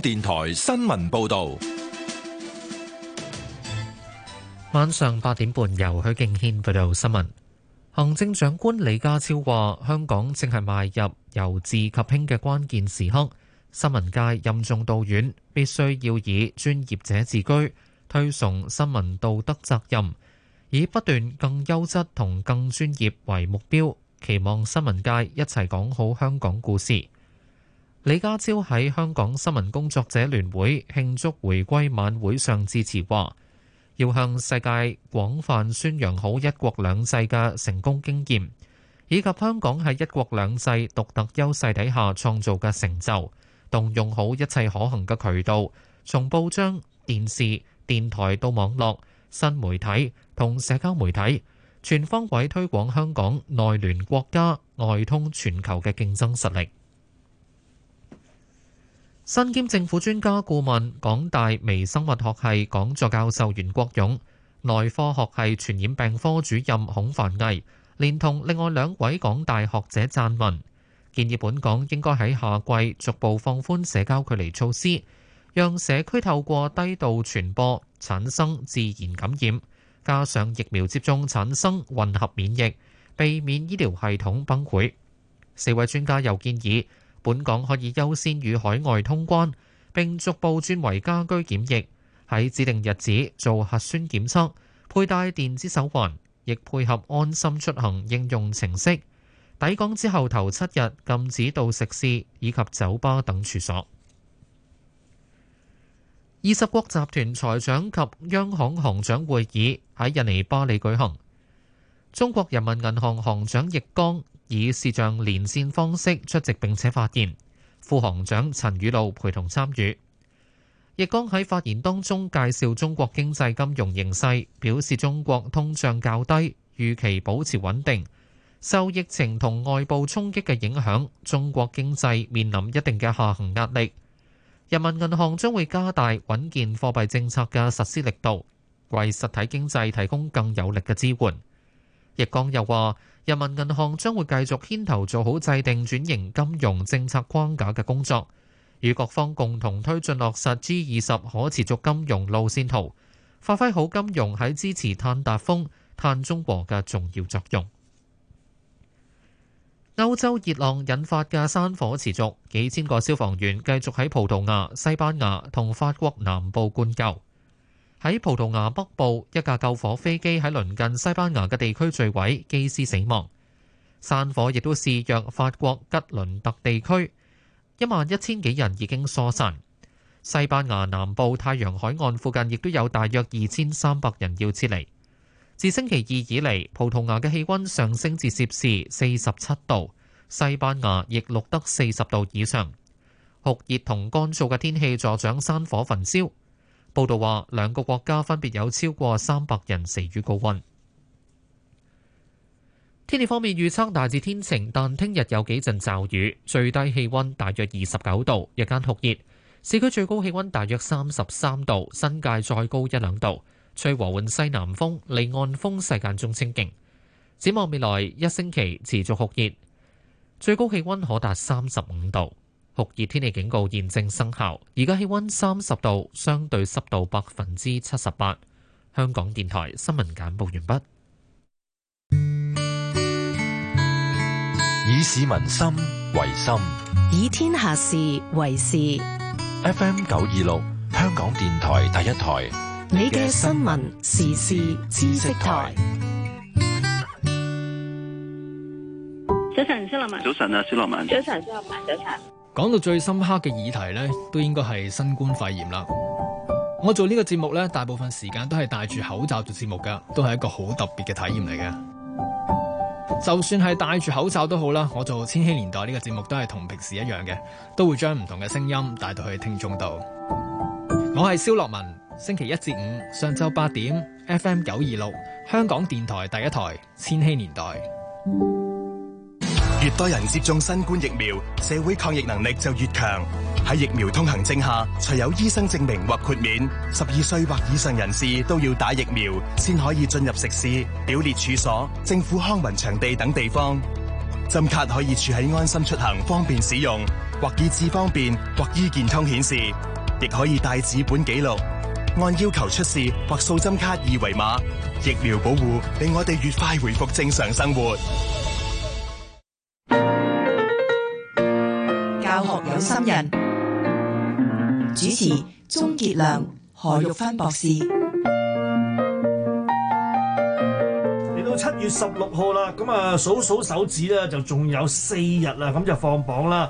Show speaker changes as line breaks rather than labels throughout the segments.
電台新聞報
道，晚上八點半由許敬軒報道新聞。行政長官李家超話：香港正係邁入由治及興嘅關鍵時刻，新聞界任重道遠，必須要以專業者自居，推崇新聞道德責任，以不斷更優質同更專業為目標，期望新聞界一齊講好香港故事。李家超喺香港新聞工作者聯會慶祝回歸晚會上致辭話：要向世界廣泛宣揚好一國兩制嘅成功經驗，以及香港喺一國兩制獨特優勢底下創造嘅成就，動用好一切可行嘅渠道，從報章、電視、電台到網絡、新媒體同社交媒體，全方位推廣香港內聯國家、外通全球嘅競爭實力。身兼政府專家顧問港大微生物學系講座教授袁國勇、內科學系傳染病科主任孔凡毅，連同另外兩位港大學者撰文，建議本港應該喺夏季逐步放寬社交距離措施，讓社區透過低度傳播產生自然感染，加上疫苗接種產生混合免疫，避免醫療系統崩潰。四位專家又建議。本港可以優先與海外通關，並逐步轉為家居檢疫，喺指定日子做核酸檢測，佩戴電子手環，亦配合安心出行應用程式。抵港之後頭七日禁止到食肆以及酒吧等處所。二十國集團財長及央行行長會議喺印尼巴里舉行，中國人民銀行行長易綱。以視像連線方式出席並且發言，副行長陳雨露陪同參與。易綱喺發言當中介紹中國經濟金融形勢，表示中國通脹較低，預期保持穩定。受疫情同外部衝擊嘅影響，中國經濟面臨一定嘅下行壓力。人民銀行將會加大穩健貨幣政策嘅實施力度，為實體經濟提供更有力嘅支援。易剛又話，人民銀行將會繼續牽頭做好制定轉型金融政策框架嘅工作，與各方共同推進落實 G 二十可持續金融路線圖，發揮好金融喺支持碳達峰、碳中和嘅重要作用。歐洲熱浪引發嘅山火持續，幾千個消防員繼續喺葡萄牙、西班牙同法國南部灌救。喺葡萄牙北部一架救火飛機喺鄰近西班牙嘅地區墜毀，機師死亡。山火亦都肆虐法國吉倫特地區，一萬一千幾人已經疏散。西班牙南部太陽海岸附近亦都有大約二千三百人要撤離。自星期二以嚟，葡萄牙嘅氣溫上升至攝氏四十七度，西班牙亦錄得四十度以上。酷熱同乾燥嘅天氣助長山火焚燒。報道話，兩個國家分別有超過三百人死於高溫。天氣方面，預測大致天晴，但聽日有幾陣驟雨。最低氣溫大約二十九度，日間酷熱。市區最高氣溫大約三十三度，新界再高一兩度。吹和緩西南風，離岸風勢間中清勁。展望未來一星期，持續酷熱，最高氣溫可達三十五度。酷熱天氣警告現正生效，而家氣温三十度，相對濕度百分之七十八。香港電台新聞簡報完畢。
以市民心為
心，以天下事為事。
F M 九二六，香港電台第一台，
你嘅新聞時事知,知識台。早晨，小浪文。早晨啊，小浪文。早
晨，
小浪文。早晨、啊。早晨啊講到最深刻嘅議題呢，都應該係新冠肺炎啦。我做呢個節目呢，大部分時間都係戴住口罩做節目噶，都係一個好特別嘅體驗嚟嘅。就算係戴住口罩都好啦，我做《千禧年代》呢個節目都係同平時一樣嘅，都會將唔同嘅聲音帶到去聽眾度。我係蕭樂文，星期一至五上晝八點，FM 九二六，香港電台
第一台《千禧年代》。越多人接種新冠疫苗，社會抗疫能力就越強。喺疫苗通行證下，除有醫生證明或豁免，十二歲或以上人士都要打疫苗，先可以進入食肆、表列處所、政府康文場地等地方。針卡可以儲喺安心出行方便使用，或以智方便，或醫健通顯示，亦可以帶紙本記錄，按要求出示或掃針卡二維碼。疫苗保護令我哋越快回復正常生活。
有心人主持：鍾杰亮、何玉芬博士。
嚟到七月十六號啦，咁啊數數手指咧，就仲有四日啦，咁就放榜啦。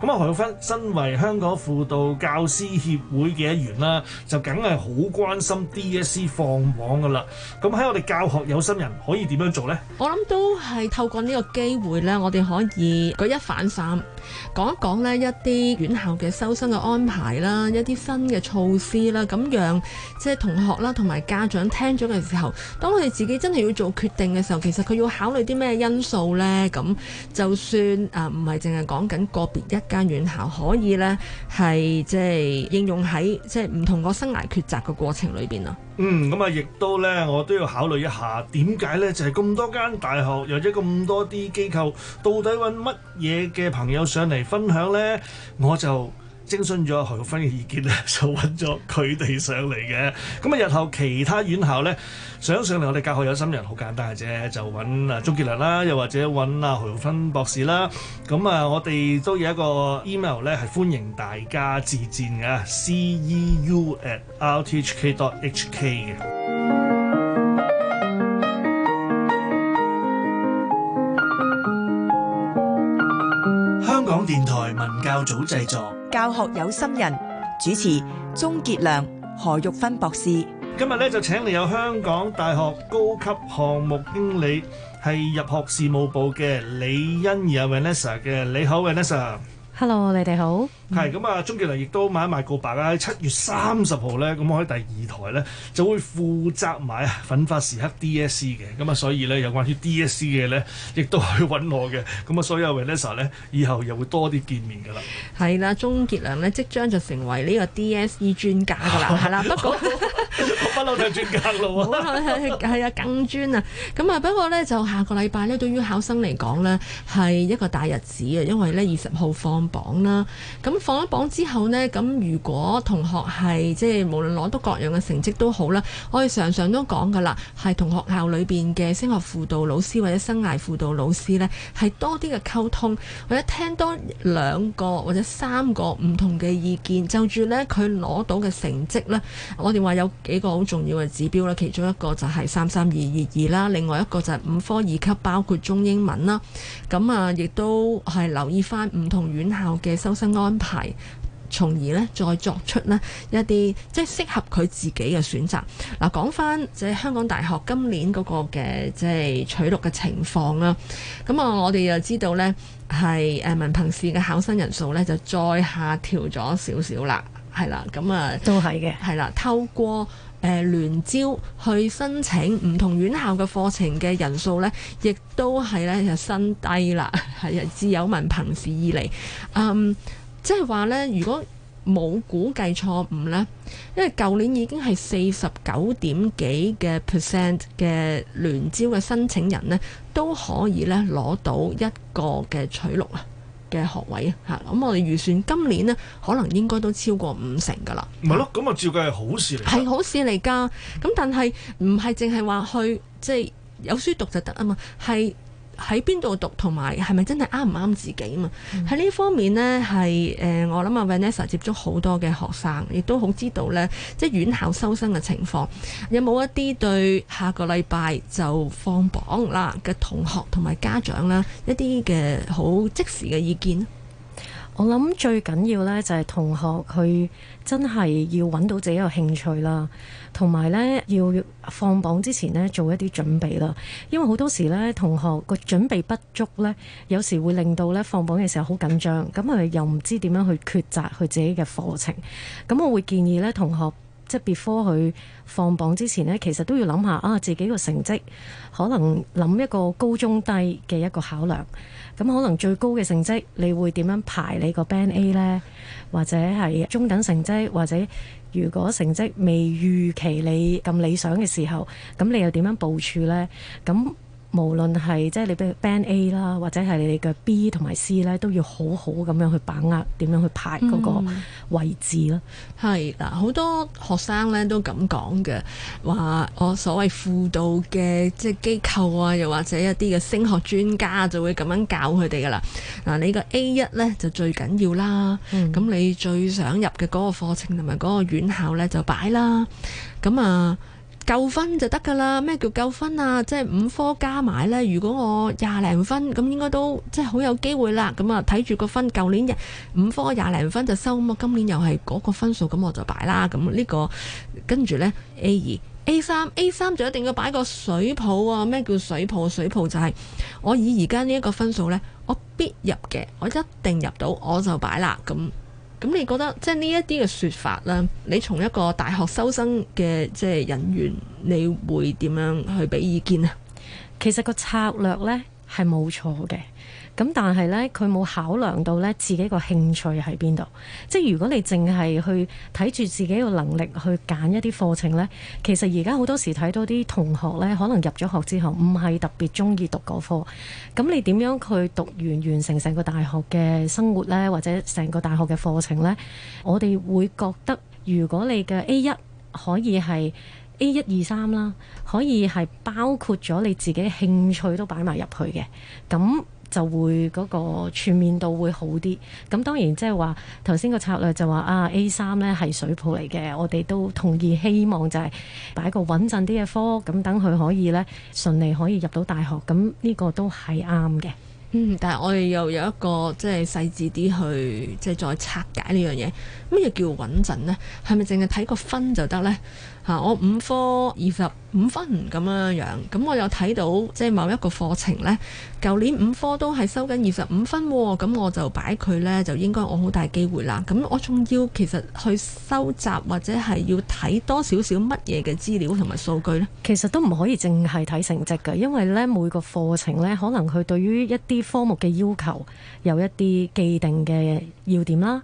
咁啊，何玉芬身為香港輔導教師協會嘅一員啦，就梗係好關心 DSE 放榜噶啦。咁喺我哋教學有心人可以點樣做咧？
我諗都係透過呢個機會咧，我哋可以舉一反三。講一講呢一啲院校嘅收生嘅安排啦，一啲新嘅措施啦，噉樣即係同學啦，同埋家長聽咗嘅時候，當佢哋自己真係要做決定嘅時候，其實佢要考慮啲咩因素呢？咁就算啊，唔係淨係講緊個別一間院校可以呢，係即係應用喺即係唔同個生涯抉擇嘅過程裏邊啊。
嗯，咁啊，亦都咧，我都要考慮一下點解咧，就係咁多間大學，又或者咁多啲機構，到底搵乜嘢嘅朋友上嚟分享咧，我就。徵詢咗何玉芬嘅意見咧，就揾咗佢哋上嚟嘅。咁啊，日後其他院校咧，想上嚟我哋教學有心人，好簡單嘅啫，就揾啊鍾傑良啦，又或者揾啊何玉芬博士啦。咁啊，我哋都有一個 email 咧，係歡迎大家自薦嘅啊，ceu at rthk dot hk 嘅。香港電台文教組製作。
教學有心人，主持鍾傑良、何玉芬博士。
今日咧就請嚟有香港大學高級項目經理，係入學事務部嘅李欣怡，而係 Vanessa 嘅。你好，Vanessa。
Hello，你哋好。係
咁啊，鍾傑良亦都賣一賣告白喺七月三十號咧，咁我喺第二台咧就會負責埋奮發時刻 DSE 嘅，咁啊，所以咧有關於 DSE 嘅咧，亦都去揾我嘅。咁啊，所以阿 Vanessa 咧，以後又會多啲見面㗎啦。
係啦，鍾傑良咧，即將就成為呢個 DSE 專家㗎啦，係 啦。不過
不嬲就係
專家咯，啊，係啊，更專啊。咁 啊，不過咧就下個禮拜咧，對於考生嚟講咧係一個大日子啊，因為咧二十號放榜啦，咁。咁放咗榜之後咧，咁如果同學係即係無論攞到各樣嘅成績都好啦，我哋常常都講噶啦，係同學校裏邊嘅升學輔導老師或者生涯輔導老師咧，係多啲嘅溝通，或者聽多兩個或者三個唔同嘅意見，就住咧佢攞到嘅成績咧，我哋話有幾個好重要嘅指標啦，其中一個就係三三二二二啦，另外一個就係五科二級包括中英文啦，咁啊亦都係留意翻唔同院校嘅收生安排。係，從而咧，再作出呢一啲即係適合佢自己嘅選擇。嗱，講翻即係香港大學今年嗰個嘅即係取錄嘅情況啦。咁啊，我哋又知道呢係誒文憑試嘅考生人數呢，就再下調咗少少啦，係啦。咁啊，都係嘅，係啦。透過誒聯、呃、招去申請唔同院校嘅課程嘅人數呢，亦都係呢，就新低啦，係呀，自有文憑試以嚟。嗯。即係話呢，如果冇估計錯誤呢，因為舊年已經係四十九點幾嘅 percent 嘅聯招嘅申請人呢，都可以呢攞到一個嘅取錄啊嘅學位啊嚇，咁我哋預算今年呢，可能應該都超過五成噶啦。咪、嗯、咯，咁、嗯、啊，
咁就照計係好事嚟，係
好事嚟噶。咁、嗯嗯、但係唔係淨係話去即係、即係、有書讀就得啊嘛？係，係。喺邊度讀同埋係咪真係啱唔啱自己啊嘛？喺呢方面呢，係，誒我諗阿 Vanessa 接觸好多嘅學生，亦都好知道呢，即係院校收生嘅情況，有冇一啲對下個禮拜就放榜啦嘅同學同埋家長咧一啲嘅好即時嘅意見？
我諗最緊要呢，就係同學佢真係要揾到自己嘅興趣啦，同埋呢要放榜之前呢做一啲準備啦。因為好多時呢，同學個準備不足呢，有時會令到呢放榜嘅時候好緊張，咁佢又唔知點樣去抉擇佢自己嘅課程。咁我會建議呢同學即係別科去放榜之前呢，其實都要諗下啊自己個成績可能諗一個高中低嘅一個考量。咁可能最高嘅成績，你會點樣排你個 Band A 呢？或者係中等成績，或者如果成績未預期你咁理想嘅時候，咁你又點樣部署呢？咁無論係即係你俾 Band A 啦，或者係你哋嘅 B 同埋 C 呢，都要好好
咁樣去把握點樣去排嗰個位置咯。係、嗯、嗱，好多學生呢都咁講嘅，話我所謂輔導嘅即係機構啊，又或者一啲嘅升學專家就會咁樣教佢哋噶啦。嗱，你個 A 一呢就最緊要啦，咁、嗯、你最想入嘅嗰個課程同埋嗰個院校呢就擺啦，咁啊。夠分就得噶啦，咩叫夠分啊？即係五科加埋呢。如果我廿零分，咁應該都即係好有機會啦。咁啊，睇住個分，舊年五科廿零分就收，咁今年又係嗰個分數，咁我就擺啦。咁、這個、呢個跟住呢 A 二、A 三、A 三就一定要擺個水泡啊！咩叫水泡？水泡就係我以而家呢一個分數呢，我必入嘅，我一定入到，我就擺啦。咁。咁你覺得即係呢一啲嘅説法啦，你從一個大學收生嘅即係人員，你會點樣去俾意見啊？
其實個策略呢，係冇錯嘅。咁但係呢，佢冇考量到呢自己個興趣喺邊度。即係如果你淨係去睇住自己個能力去揀一啲課程呢，其實而家好多時睇到啲同學呢，可能入咗學之後唔係特別中意讀嗰科。咁你點樣去讀完完成成個大學嘅生活呢？或者成個大學嘅課程呢？我哋會覺得如果你嘅 A 一可以係 A 一二三啦，可以係包括咗你自己興趣都擺埋入去嘅，咁。就會嗰個全面度會好啲。咁當然即係話頭先個策略就話啊 A 三呢係水泡嚟嘅，我哋都同意希望就係擺個穩陣啲嘅科，咁等佢可以呢順利可以入到大學。咁呢個都係啱嘅。
嗯，但係我哋又有一個即係細緻啲去即係再拆解呢樣嘢，乜嘢叫穩陣呢？係咪淨係睇個分就得呢？吓！我五科二十五分咁樣樣，咁我又睇到即係某一個課程呢，舊年五科都係收緊二十五分，啊，咁我就擺佢呢，就應該我好大機會啦。咁我仲要其實去收集，或者係要睇多少少乜嘢嘅資料同埋數據呢？其實都唔可以淨係睇成績㗎，因為
呢每個課程呢，可能佢對於一啲科目嘅要求，有一啲既定嘅要點啦。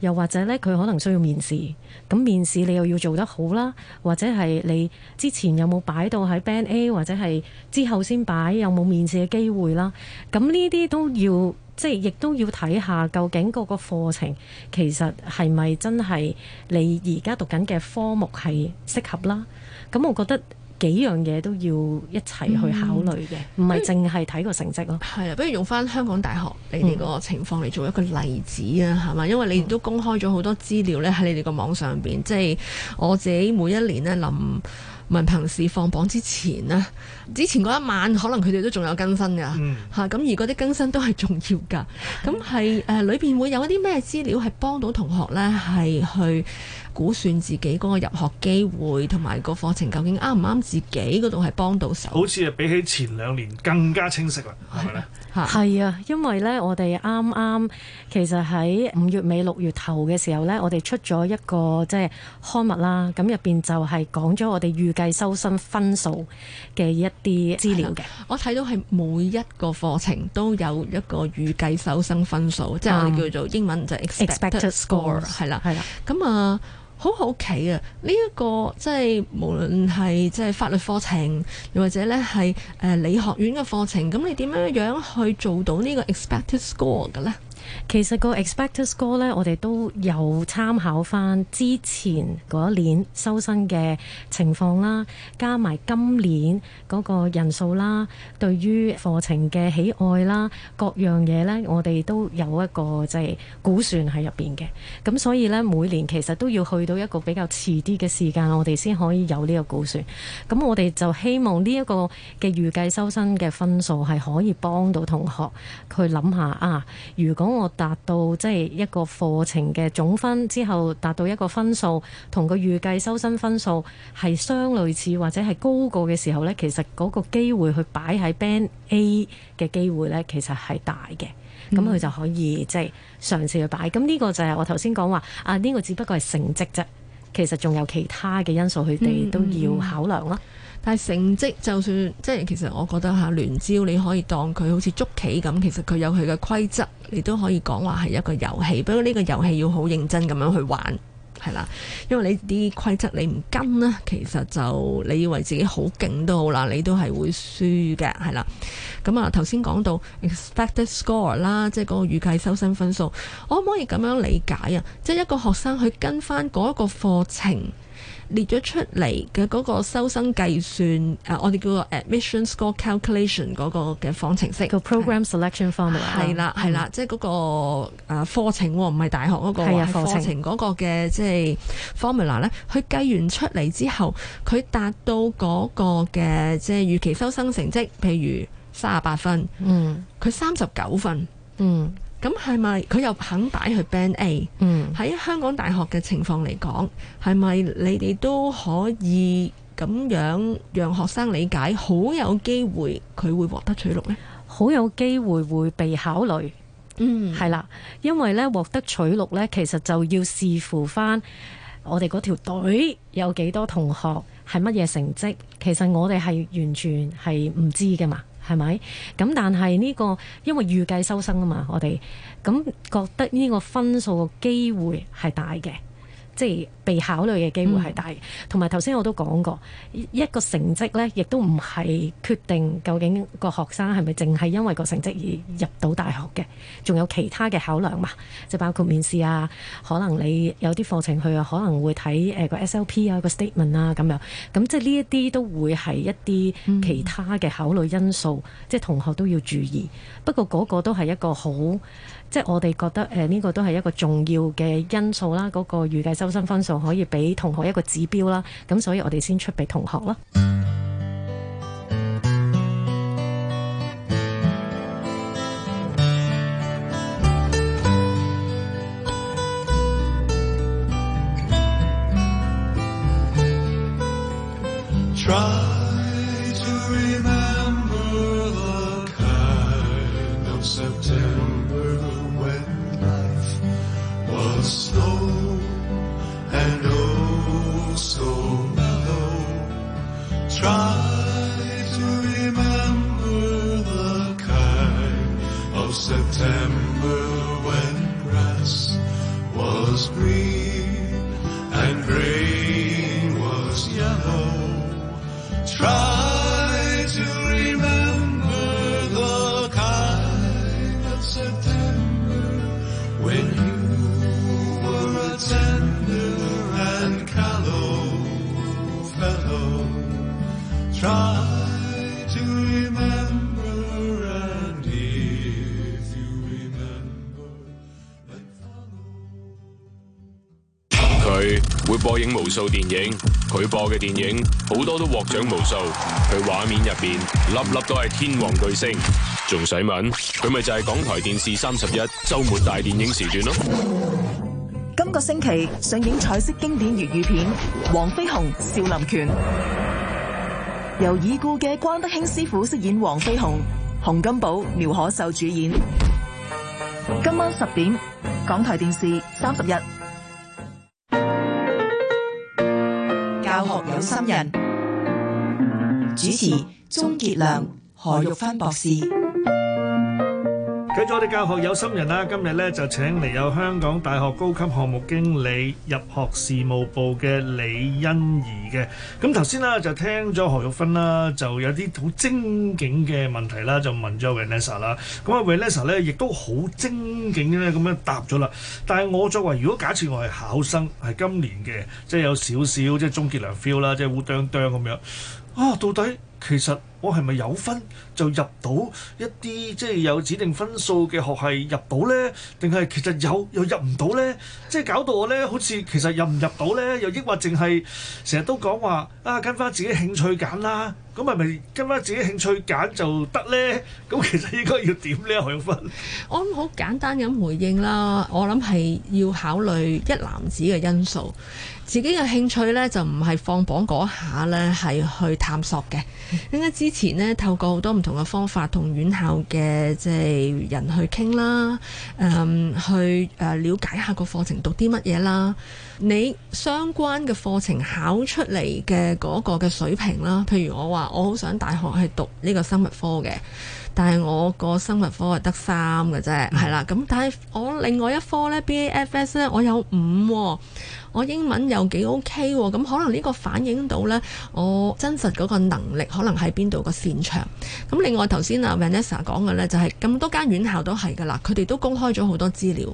又或者咧，佢可能需要面試，咁面試你又要做得好啦，或者係你之前有冇擺到喺 Band A，或者係之後先擺有冇面試嘅機會啦，咁呢啲都要即係亦都要睇下究竟嗰個課程其實係咪真係你而家讀緊嘅科目係適合啦，咁我覺得。幾樣嘢都要一齊去考慮嘅，唔係
淨係睇個成績咯。係、嗯、啊，不如用翻香港大學你哋個情況嚟做一個例子啦，係、嗯、嘛？因為你哋都公開咗好多資料呢喺你哋個網上邊，即、就、係、是、我自己每一年呢臨文憑試放榜之前呢。之前嗰一晚可能佢哋都仲有更新噶嚇，咁、嗯、而嗰啲更新都係重要噶。咁係誒裏邊會有一啲咩資料係幫到同學咧，係去估算自己嗰個入學機會同埋個課程究竟啱唔啱自己嗰度，係幫到手。好
似係比起前兩年更加清晰啦，
係咪咧？係啊，因為咧我哋啱啱
其實喺五月尾六月頭嘅時候咧，我哋出咗一個即係刊物啦。咁入邊就係講咗我哋預計收生分數嘅一。啲資料
嘅，我睇到係每一個課程都有一個預計收生分數，嗯、即係我哋叫做英文就係 expected score 係啦，係啦。咁啊，好好奇啊！呢、這、一個即係無論係即係法律課程，又或者咧係、呃、理學院嘅課程，咁你點樣樣去做到呢個 expected score 嘅咧？其實
個 expected score 咧，我哋都有參考翻之前嗰一年收生嘅情況啦，加埋今年嗰個人數啦，對於課程嘅喜愛啦，各樣嘢咧，我哋都有一個即係估算喺入面嘅。咁所以咧，每年其實都要去到一個比較遲啲嘅時間，我哋先可以有呢個估算。咁我哋就希望呢一個嘅預計收生嘅分數係可以幫到同學去，佢諗下啊，如果我達到即係一個課程嘅總分之後，達到一個分數同個預計收生分數係相類似或者係高過嘅時候呢，其實嗰個機會去擺喺 Band A 嘅機會呢，其實係大嘅。
咁佢就可
以即係嘗試去擺。咁呢個就係我頭先講話啊，呢個只不過係成績啫，其實仲有其
他嘅因素，佢哋都要考量啦。嗯但係成績就算即係，其實我覺得嚇聯招你可以當佢好似捉棋咁，其實佢有佢嘅規則，你都可以講話係一個遊戲。不過呢個遊戲要好認真咁樣去玩，係啦。因為你啲規則你唔跟呢，其實就你以為自己好勁都好啦，你都係會輸嘅，係啦。咁啊頭先講到 expected score 啦，即係嗰個預計收生分數，我可唔可以咁樣理解啊？即係一個學生去跟翻嗰一個課程。列咗出嚟嘅嗰個收生計算，誒、啊，我哋叫做 admission score calculation 嗰個嘅方程式。嗰個 program selection formula 係啦，係啦，即係嗰個誒課程，唔係大學嗰個課程嗰個嘅即係 formula 咧。佢計完出嚟之後，佢達到嗰個嘅即係預期收生成績，譬如三十八分，嗯，佢三十九分，嗯。咁係咪佢又肯擺去 Band A？喺、嗯、香港大學嘅情況嚟講，係咪你哋都可以咁樣讓學生理解，好有機會佢會獲得取錄呢，好有機會會被考慮。嗯，係啦，因
為呢獲得取錄呢，其實就要視乎翻我哋嗰條隊有幾多同學係乜嘢成績。其實我哋係完全係唔知嘅嘛。係咪咁？但係呢個因為預計收生啊嘛，我哋咁覺得呢個分數嘅機會係大嘅。即係被考慮嘅機會係大，同埋頭先我都講過一個成績呢亦都唔係決定究竟個學生係咪淨係因為個成績而入到大學嘅，仲有其他嘅考量嘛，就包括面試啊，嗯、可能你有啲課程去啊，可能會睇誒個 SLP 啊個 statement 啊咁樣，咁即係呢一啲都會係一啲其他嘅考慮因素，嗯、即係同學都要注意。不過嗰個都係一個好。即係我哋覺得誒呢、呃這個都係一個重要嘅因素啦，嗰、那個預計收生分數可以俾同學一個指標啦，咁所以我哋先出俾同學啦。
播映無數電影，佢播嘅電影好多都獲獎無數，佢畫面入邊粒粒都係天王巨星，仲使問佢咪就係港台電視三十一周末大電影時段咯。
今個星期上映彩色經典粵語片《黃飛鴻少林拳》，由已故嘅關德興師傅飾演黃
飛鴻，洪金寶、苗可秀主演。
今
晚十點，港台電視三十一。有心人，主持鍾杰良、何玉芬博士。
睇咗我哋教學有心人啦，今日咧就請嚟有香港大學高級項目經理入學事務部嘅李欣怡嘅。咁頭先啦就聽咗何玉芬啦，就有啲好精警嘅問題啦，就問咗 Vanessa 啦。咁啊 Vanessa 咧亦都好精警咧，咁樣答咗啦。但係我作為，如果假設我係考生，係今年嘅，即係有少少即係終結良 feel 啦，即係烏啄啄咁樣啊，到底其實？我係咪有分就入到一啲即係有指定分數嘅學系入到呢？定係其實有又入唔到呢？即係搞到我呢，好似其實入唔入到呢，又抑或淨係成日都講話啊，跟翻自己興趣揀啦。咁係咪跟翻自己興趣揀就得呢？咁其實應該要點呢一項分？
我諗好簡單咁回應啦。我諗係要考慮一籃子嘅因素。自己嘅興趣呢，就唔係放榜嗰下呢，係去探索嘅。應該知。之前呢，透過好多唔同嘅方法，同院校嘅即係人去傾啦，誒、嗯，去誒了解下個課程讀啲乜嘢啦。你相關嘅課程考出嚟嘅嗰個嘅水平啦。譬如我話，我好想大學去讀呢個生物科嘅。但係我個生物科係得三嘅啫，係啦，咁但係我另外一科呢 BAFS 呢，BFF，我有五、哦，我英文又幾 OK 喎，哦，咁可能呢個反映到呢，我真實嗰個能力可能喺邊度個擅長。咁另外頭先阿 Vanessa 講嘅呢，就係咁多間院校都係㗎啦，佢哋都公開咗好多資料，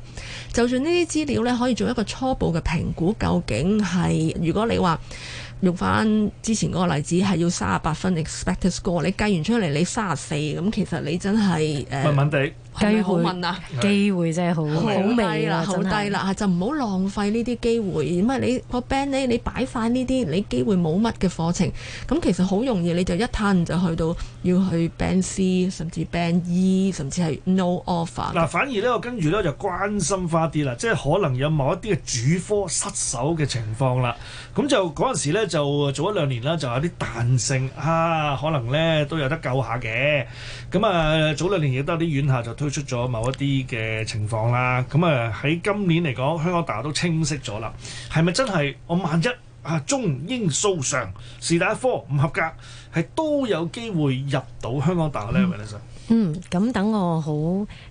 就算呢啲資料呢，可以做一個初步嘅評估，究竟係如果你話。用翻之前嗰個例子係要三十八分 expected score，你計完出嚟你三十四，咁其實你真係
誒機
會係咪好微啊？機會真係好好低啦，好很低啦嚇，就唔好浪費呢啲機會。咁啊，你個 band A 你擺翻呢啲，你機會冇乜嘅課程，咁其實好容易你就一攤就去到要去 band C，甚至 band E，甚至係 no offer。嗱，
反而咧，我跟住咧就關心翻啲啦，即係可能有某一啲嘅主科失手嘅情況啦。咁就嗰陣時咧，就早一兩年啦，就有啲彈性啊，可能咧都有得救下嘅。咁啊、呃，早兩年亦都有啲院校就。推出咗某一啲嘅情況啦，咁啊喺今年嚟講，香港大學都清晰咗啦。係咪真係我萬一啊中英數上是但一科唔合格，係都有機會入到香港大學呢？嗯，
咁、嗯、等我好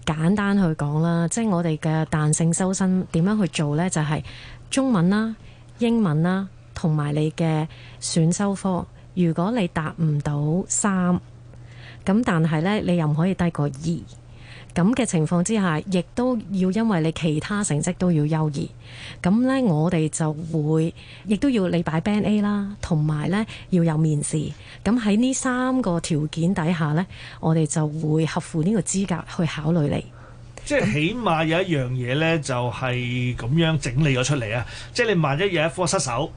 簡單去講啦，即、就、係、是、我哋嘅彈性收生點樣去做呢？就係、是、中文啦、啊、英文啦、啊，同埋你嘅選修科。如果你達唔到三，咁，但係呢，你又唔可以低過二，咁嘅情況之下，亦都要因為你其他成績都要優異。咁呢，我哋就會亦都要你擺 Band A 啦，同埋呢要有面試。咁喺呢三個條件底下呢，我哋就會合乎呢個資格去考慮你。
即係起碼有一樣嘢呢，就係咁樣整理咗出嚟啊！即係你萬一有一科失手，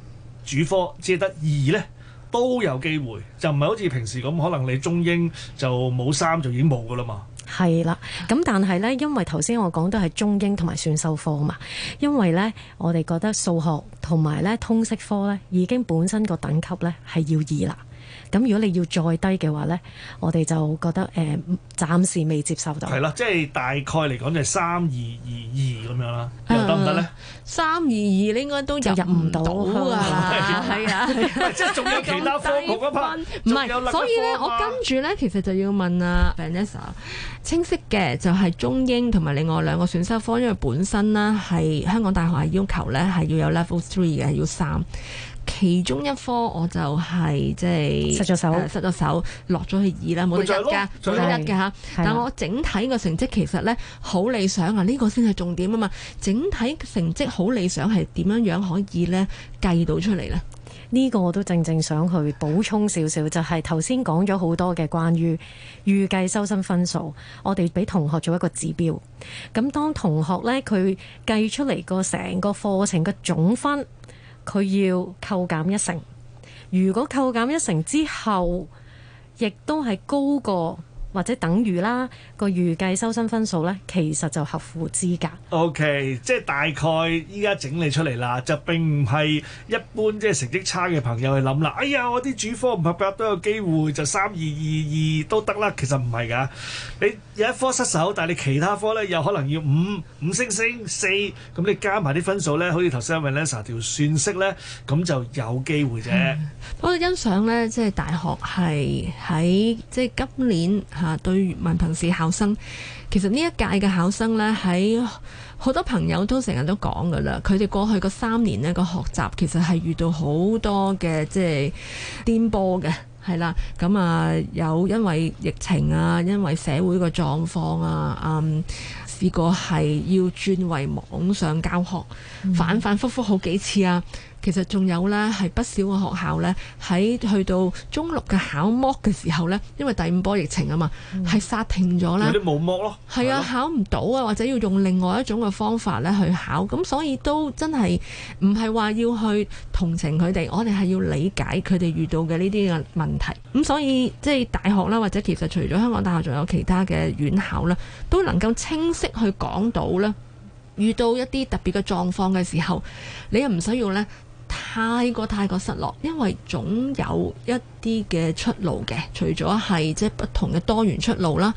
主科只係得二呢，都有機會。就唔係好似平時咁，可能你中英就冇三就已經冇噶啦嘛。
係啦，咁但係咧，因為頭先我講都係中英同埋選修科嘛，因為咧我哋覺得數學同埋咧通識科咧，已經本身個等級咧係要二啦。咁如果你要再低嘅話咧，我哋就覺得誒、呃，暫時未接受到。係
咯，即係大概嚟講就係三二二二咁樣啦、呃，又得
唔得咧？三二二你應該都入唔到，入到 啊，係啊，即係仲有其他科目嘅分，唔係，所以我跟住咧，其實就要問啊 Vanessa，清晰嘅就係中英同埋另外兩個選修科，因為本身咧係香港大學係要求咧係要有 Level Three 嘅，要三。其中一科我就係即係失咗手，呃、失咗手落咗去二啦，冇得一嘅、就係就係，但係我整體個成績其實呢，好理想啊！呢、呢個先係重點啊嘛。整體成績好理想係點樣樣可以呢？計到出嚟呢，
呢、呢個我都正正想去補充少少，就係頭先講咗好多嘅關於預計收生分數，我哋俾同學做一個指標。咁當同學呢，佢計出嚟個成個課程嘅總分，佢要扣減一成，如果扣減一成之後，亦都係高過，或者等於啦，個預計收生分數呢，其實就合乎資格。
OK，即係大概依家整理出嚟啦，就並唔係一般即係成績差嘅朋友去諗啦。哎呀，我啲主科唔合格都有機會就三二二二都得啦。其實唔係㗎，你有一科失手，但係你其他科呢，有可能要五五星星四，咁你加埋啲分數呢，好似頭先 Vanessa 條算式呢，咁就有機會啫、
嗯。我欣賞呢，即係大學係喺即係今年。啊，對於文憑試考生，其實呢一屆嘅考生呢，喺好多朋友都成日都講㗎喇，佢哋過去嗰三年呢個學習其實係遇到好多嘅即係顛簸嘅，係啦。咁啊，有因為疫情啊，因為社會嘅狀況啊，嗯，試過係要轉為網上教學，嗯，反反覆覆好幾次啊。其實仲有呢，係不少嘅學校呢，喺去到中六嘅考模嘅時候呢，因為第五波疫情啊嘛，係、嗯、煞停咗咧。有啲冇模咯。係啊，啊，考唔到啊，或者要用另外一種嘅方法呢去考，咁所以都真係唔係話要去同情佢哋，我哋係要理解佢哋遇到嘅呢啲嘅問題。咁所以即係、就是、大學啦，或者其實除咗香港大學，仲有其他嘅院校啦，都能夠清晰去講到啦，遇到一啲特別嘅狀況嘅時候，你又唔需要呢。太過太過失落，因為總有一啲嘅出路嘅，除咗係即係不同嘅多元出路啦。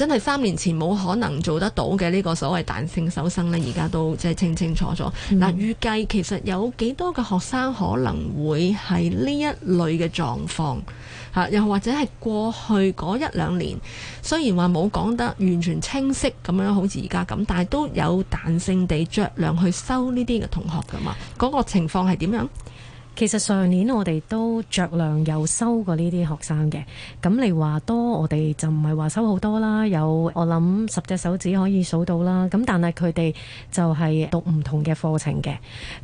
真係三年前冇可能做得到嘅呢、這個所謂彈性收生呢而家都即係清清楚楚。嗱、嗯，預計其實有幾多嘅學生可能會係呢一類嘅狀況嚇？又或者係過去嗰一兩年，雖然話冇講得完全清晰咁樣，好似而家咁，但係都有彈性地酌量去收呢啲嘅同學噶嘛。嗰、那個情況係點樣？其實上
年我哋都着量有收過呢啲學生嘅，咁你話多我哋就唔係話收好多啦，有我諗十隻手指可以數到啦。咁但係佢哋就係讀唔同嘅課程嘅，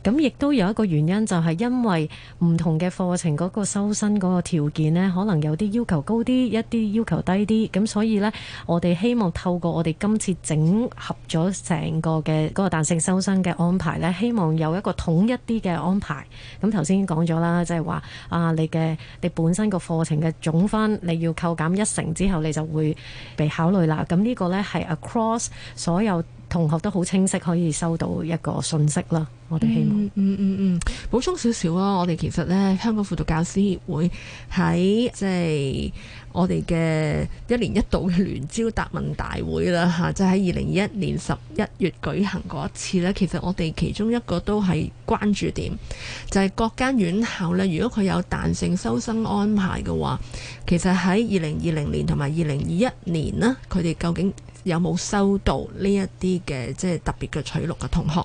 咁亦都有一個原因，就係因為唔同嘅課程嗰個收生嗰個條件呢，可能有啲要求高啲，一啲要求低啲。咁所以呢，我哋希望透過我哋今次整合咗成個嘅嗰個彈性收生嘅安排呢，希望有一個統一啲嘅安排。咁頭先。講咗啦，即係話啊，你嘅你本身個課程嘅總分，你要扣減一成之後，你就會被考慮啦。咁呢個咧係 Across 所有同學都好清晰，可以
收到一個信息啦。我哋希望，嗯嗯嗯，嗯，補充少少啊。我哋其實呢，香港輔導教師協會喺即係我哋嘅一年一度嘅聯招答問大會啦，嚇，就喺二零二一年十一月舉行過一次呢。其實我哋其中一個都係關注點，就係、是、各間院校呢。如果佢有彈性收生安排嘅話，其實喺二零二零年同埋二零二一年呢，佢哋究竟？有冇收到呢一啲嘅即係特別嘅取錄嘅同學，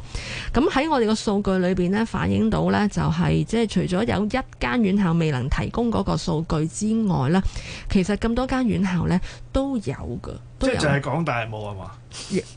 咁喺我哋個數據裏邊咧，反映到咧就係即係除咗有一間院校，未能提供嗰個數據之外咧，其實咁多間院校咧都有嘅。即
係
就係港大冇啊嘛？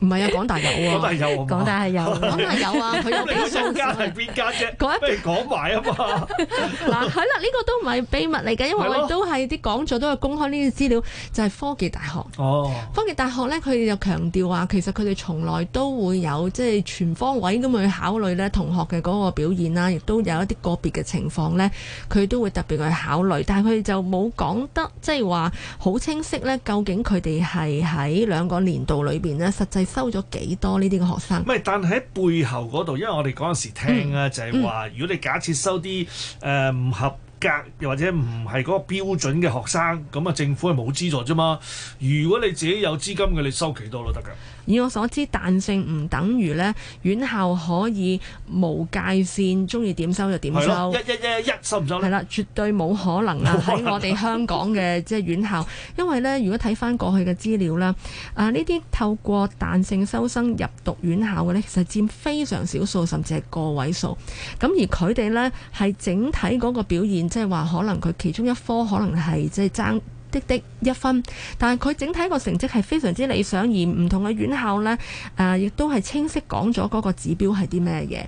唔係啊，港大有啊，港 大有啊，港大係有，港大有啊。佢 有邊間
係邊間啫？講一齊講埋
啊嘛。嗱，係啦，呢、這個都唔係秘密嚟嘅，因為我哋都係啲講座，都要公開呢啲資料。就係、是、科技大學。哦，科技大學咧，佢哋又強調話，其實佢哋從來都會有即係、就是、全方位咁去考慮咧同學嘅嗰個表現啦，亦都有一啲個別嘅情況咧，佢都會特別去考慮。但係佢哋就冇講得即係話好清晰咧，究竟佢哋係。喺兩個年度裏邊咧，實際收咗幾多呢啲嘅學生？
唔係，但喺背後嗰度，因為我哋嗰陣時聽咧、嗯，就係話，如果你假設收啲誒唔合格，又或者唔係嗰個標準嘅學生，咁啊政府係冇資助啫嘛。如果你自己有資金嘅，你收幾多都得噶。
以我所知，彈性唔等於呢院校可以無界線，中意點收就點收。一一一一收唔收？係啦，絕對冇可能啊！喺我哋香港嘅即係院校， 因為呢，如果睇翻過去嘅資料啦，啊呢啲透過彈性收生入讀院校嘅呢，其實佔非常少數，甚至係個位數。咁而佢哋呢，係整體嗰個表現，即係話可能佢其中一科可能係即係爭啲啲一分，但係佢整體個成績係非常之理想，而唔同嘅院校咧，誒、呃、亦都係清晰講咗嗰個指標係啲咩嘢。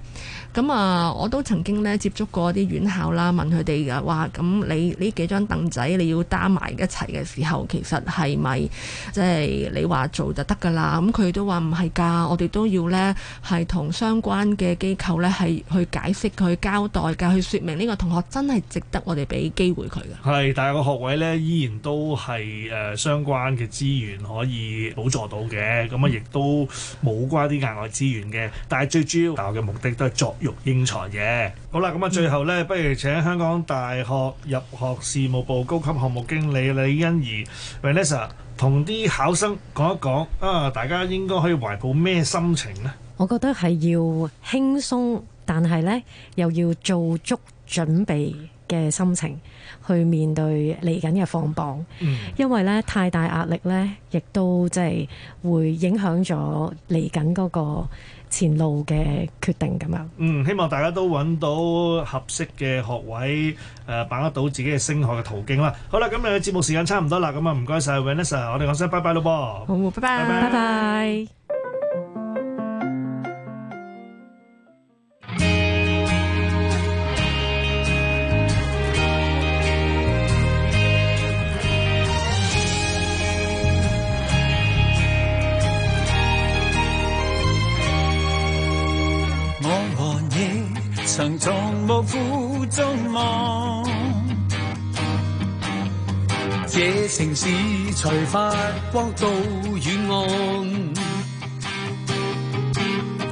咁、嗯、啊、呃，我都曾經咧接觸過啲院校啦，問佢哋嘅話，咁、嗯、你呢幾張凳仔你要擔埋一齊嘅時候，其實係咪即係你話做就得噶啦？咁、嗯、佢都話唔係噶，我哋都要咧係同相關嘅機構咧係去解釋佢交代噶去說明呢個同學真係值得我哋俾機會佢嘅，
係但係個學位咧依然都。都係誒相關嘅資源可以補助到嘅，咁啊亦都冇關啲額外資源嘅。但係最主要大學嘅目的都係作育英才嘅。好啦，咁啊最後呢，不如請香港大學入學事務部高級項目經理李欣怡，Vanessa 同啲考生講一講啊，大家應該可以懷抱咩心情呢？
我覺得係要輕鬆，但係呢又要做足準備嘅心情去面對嚟緊嘅放榜，嗯、因為咧太大壓力咧，亦都即係會影響咗嚟緊嗰個前路嘅決定咁樣。
嗯，希望大家都揾到合適嘅學位，誒、呃，把握到自己嘅升學嘅途徑啦。好啦，今日嘅節目時間差唔多啦，咁啊唔該晒。Vanessa，我哋我先說拜拜咯噃。
好，拜拜，拜拜。拜拜拜拜拜拜。
曾從無負眾望，這城市才發
光到遠岸。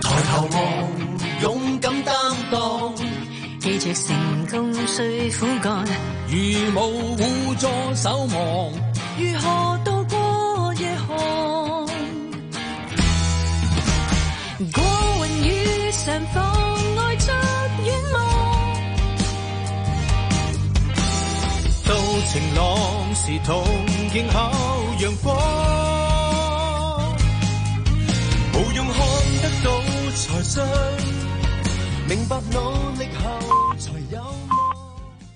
抬頭望，勇敢擔當，記着成功需苦幹。如無互助守望，如何渡過夜寒？過雲雨上方。
晴朗是同樣有陽光，無用看得到才真明白，努力後才有。